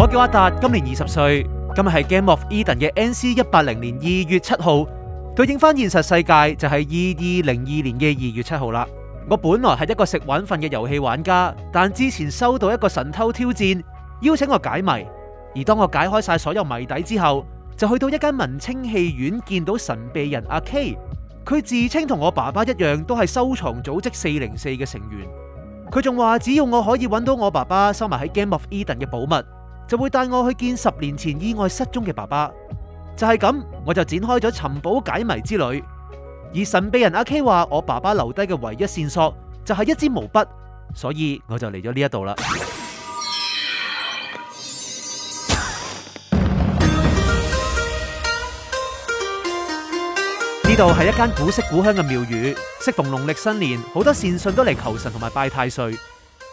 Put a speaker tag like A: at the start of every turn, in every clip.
A: 我叫阿達，今年二十歲。今日係《Game of Eden》嘅 N.C. 一八零年二月七號，對應翻現實世界就係二二零二年嘅二月七號啦。我本來係一個食玩瞓嘅遊戲玩家，但之前收到一個神偷挑戰，邀請我解謎。而當我解開晒所有謎底之後，就去到一間文青戲院，見到神秘人阿 K。佢自稱同我爸爸一樣，都係收藏組織四零四嘅成員。佢仲話，只要我可以揾到我爸爸收埋喺《Game of Eden》嘅寶物。就會帶我去見十年前意外失蹤嘅爸爸，就係咁，我就展開咗尋寶解謎之旅。而神秘人阿 K 話，我爸爸留低嘅唯一線索就係一支毛筆，所以我就嚟咗呢一度啦。呢度係一間古色古香嘅廟宇，適逢農曆新年，好多善信都嚟求神同埋拜太歲。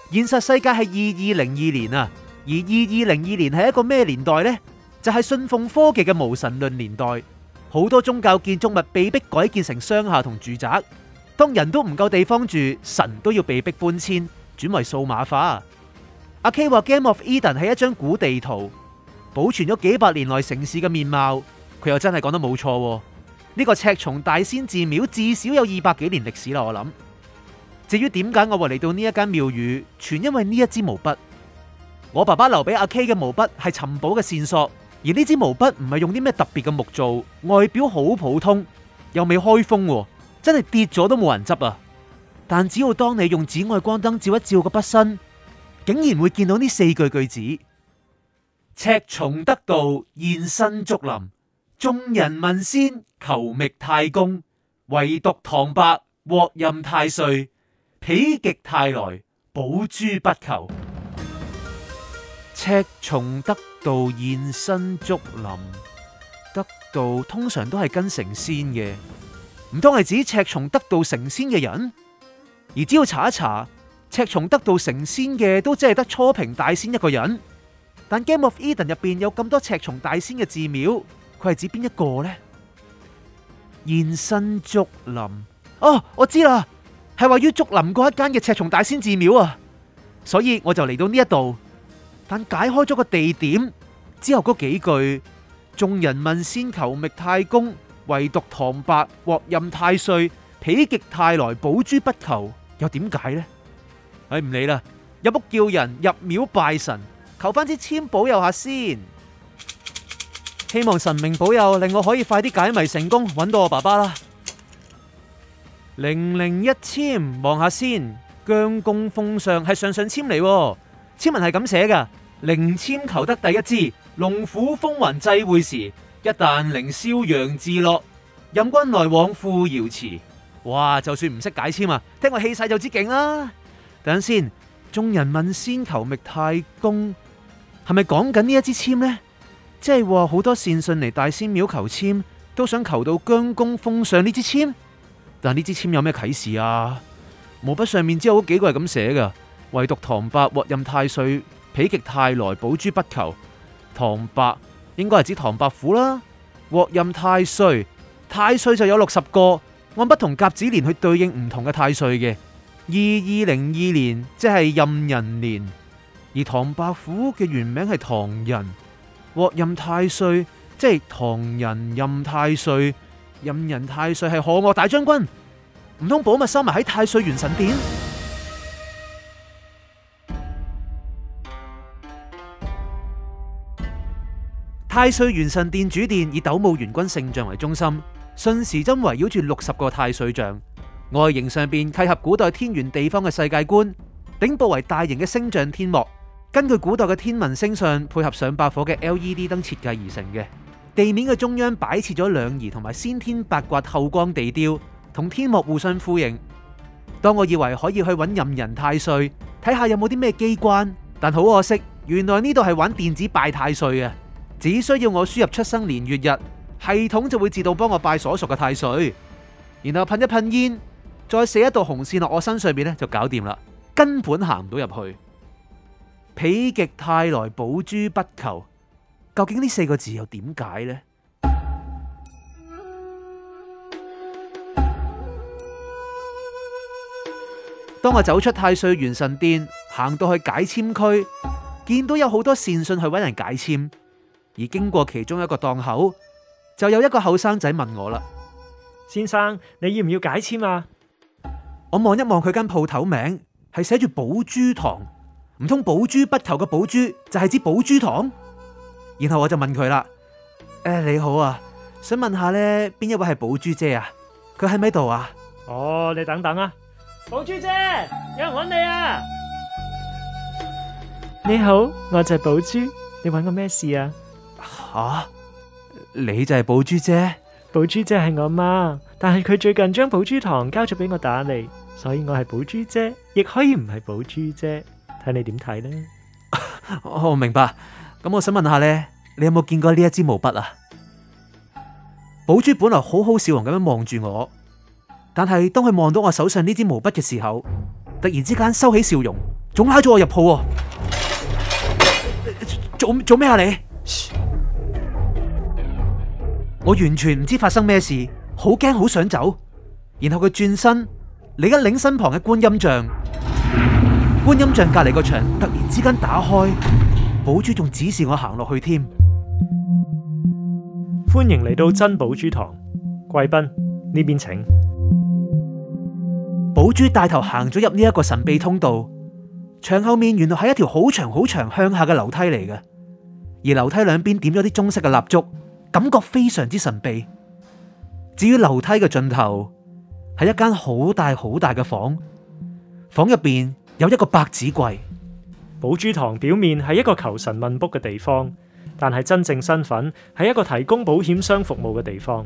A: 現實世界係二二零二年啊！而二二零二年係一個咩年代呢？就係、是、信奉科技嘅無神論年代，好多宗教建築物被迫改建成商廈同住宅。當人都唔夠地方住，神都要被迫搬遷，轉為數碼化。阿 K 話《Game of Eden》係一張古地圖，保存咗幾百年來城市嘅面貌。佢又真係講得冇錯、啊。呢、這個赤松大仙寺廟至少有二百幾年歷史啦。我諗，至於點解我會嚟到呢一間廟宇，全因為呢一支毛筆。我爸爸留俾阿 K 嘅毛筆係尋寶嘅線索，而呢支毛筆唔係用啲咩特別嘅木做，外表好普通，又未開封，真係跌咗都冇人執啊！但只要當你用紫外光燈照一照個筆身，竟然會見到呢四句句子：赤松得道現身竹林，眾人問仙求覓太公，唯獨唐伯獲任太歲，否極泰來，寶珠不求。赤松得道現身竹林，得道通常都係跟成仙嘅，唔通係指赤松得道成仙嘅人？而只要查一查，赤松得道成仙嘅都只係得初平大仙一個人。但 Game of Eden 入邊有咁多赤松大仙嘅寺廟，佢係指邊一個呢？現身竹林哦，我知啦，係位於竹林嗰一間嘅赤松大仙寺廟啊，所以我就嚟到呢一度。但解開咗個地點之後嗰幾句，眾人問仙，求覓太公，唯獨唐伯，獲任太歲，否極泰來，寶朱筆求，又點解呢？唉、哎，唔理啦，入屋叫人，入廟拜神，求翻支簽保佑下先。希望神明保佑，令我可以快啲解謎成功，搵到我爸爸啦。零零一簽，望下先，姜公封相係上上簽嚟。簽文係咁寫噶，靈簽求得第一枝，龍虎風雲際會時，一旦凌霄揚自樂，任君來往赴瑤池。哇，就算唔識解簽啊，聽個氣勢就知勁啦。等陣先，眾人問仙求覓太公，係咪講緊呢一支簽呢？即係話好多善信嚟大仙廟求簽，都想求到姜公封相呢支簽。但呢支簽有咩啟示啊？毛筆上面只有嗰幾個係咁寫噶。唯獨唐伯，獲任太歲，否極泰來，寶朱筆求。唐伯應該係指唐伯虎啦，獲任太歲，太歲就有六十個，按不同甲子年去對應唔同嘅太歲嘅。二二零二年即係壬寅年，而唐伯虎嘅原名係唐寅。獲任太歲，即係唐寅壬太歲，壬寅太歲係賀諤大將軍，唔通寶物收埋喺太歲元神殿？太歲元神殿主殿以斗姆元君聖像為中心，順時針圍繞住六十個太歲像。外形上邊契合古代天圓地方嘅世界觀，頂部為大型嘅星象天幕，根據古代嘅天文星象配合上百顆嘅 L E D 燈設計而成嘅。地面嘅中央擺設咗兩儀同埋先天八卦透光地雕，同天幕互相呼應。當我以為可以去揾壬寅太歲睇下有冇啲咩機關，但好可惜，原來呢度係玩電子拜太歲啊。只需要我輸入出生年月日，系統就會自動幫我拜所屬嘅太歲，然後噴一噴煙，再射一道紅線落我身上邊咧，就搞掂啦。根本行唔到入去。否極泰來，寶珠不求，究竟呢四個字又點解呢？當我走出太歲元神殿，行到去解簽區，見到有好多善信去搵人解簽。而經過其中一個檔口，就有一個後生仔問我啦：先生，你要唔要解簽啊？我望一望佢間鋪頭名，係寫住寶珠堂，唔通寶珠筆頭嘅寶珠就係指寶珠堂？然後我就問佢啦：誒、哎，你好啊，想問下咧，邊一位係寶珠姐啊？
B: 佢喺咪度啊？哦，你等等啊，寶珠姐，有人揾你啊！你好，我就係寶珠，你揾我咩事啊？吓？你就係寶珠姐？寶珠姐係我媽，但係佢最近將寶珠堂交咗俾我打理，所以我係寶珠姐，亦可以唔係寶珠姐，睇你點睇呢？我、哦、明白，咁我想問下呢，
A: 你有冇見過呢一支毛筆啊？寶珠本來好好笑容咁樣望住我，但係當佢望到我手上呢支毛筆嘅時候，突然之間收起笑容，仲拉咗我入鋪，做做咩啊你？我完全唔知發生咩事，好驚好想走。然後佢轉身，擰一擰身旁嘅觀音像，
B: 觀音像隔籬個牆突然之間打開，寶珠仲指示我行落去添。歡迎嚟到真寶珠堂，貴賓，呢邊請。寶珠帶頭行咗入呢一個神秘通道，
A: 牆後面原來係一條好長好長向下嘅樓梯嚟嘅，而樓梯兩邊點咗啲中式嘅蠟燭。感覺非常之神秘。至於樓梯嘅盡頭，
B: 係一間好大好大嘅房。房入面有一個百子櫃。寶珠堂表面係一個求神問卜嘅地方，但係真正身份係一個提供保險箱服務嘅地方。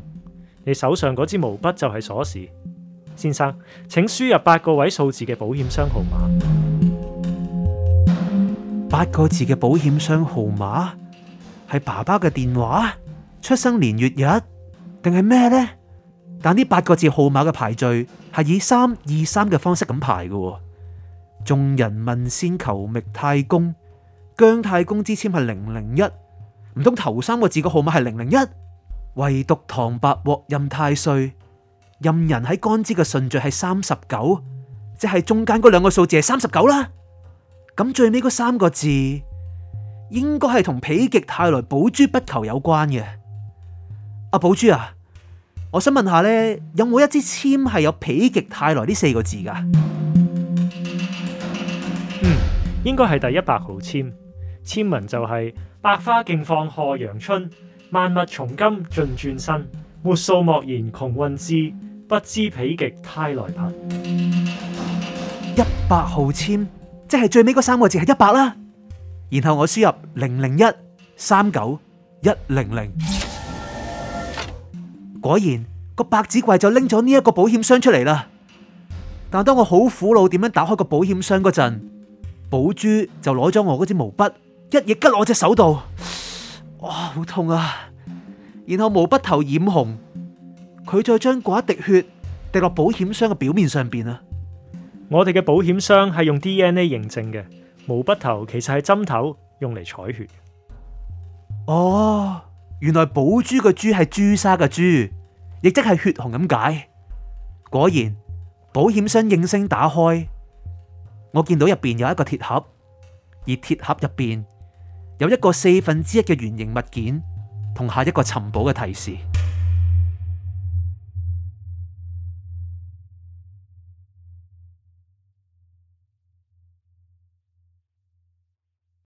B: 你手上嗰支毛筆就係鎖匙，先生，請輸入八個位數字嘅保險箱號碼。
A: 八個字嘅保險箱號碼係爸爸嘅電話。出生年月日定係咩呢？但呢八個字號碼嘅排序係以三二三嘅方式咁排嘅。眾人問仙，求覓太公，姜太公之簽係零零一，唔通頭三個字嘅號碼係零零一？唯獨唐伯，獲任太歲，壬寅喺干支嘅順序係三十九，即係中間嗰兩個數字係三十九啦。咁、嗯、最尾嗰三個字應該係同否極泰來、寶朱筆求有關嘅。阿寶、啊、珠啊，我想問下咧，有冇一
B: 支簽係有“否極泰來”呢四個字噶？嗯，應該係第一百號簽，簽文就係、是“百花競放賀陽春，萬物從今盡轉新，末數莫言窮運至，不知否極泰來貧。”
A: 一百號簽，即係最尾嗰三個字係一百啦。然後我輸入零零一三九一零零。果然、個百子櫃就拎咗呢一個保險箱出嚟啦。但當我好苦惱點樣打開個保險箱嗰陣，寶珠就攞咗我嗰支毛筆一嘢拮落我隻手度。哇、哦，好痛啊！然後毛筆頭染紅，佢再將嗰一滴血
B: 滴落保險箱嘅表面上邊啊。我哋嘅保險箱係用 DNA 認證嘅，毛筆頭其實係針頭用嚟採血。哦。
A: 原來寶珠嘅珠係朱砂嘅朱，亦即係血紅咁解。果然保險箱應聲打開，我見到入邊有一個鐵盒，而鐵盒入邊有一個四分之一嘅圓形物件，同下一個尋寶嘅提示。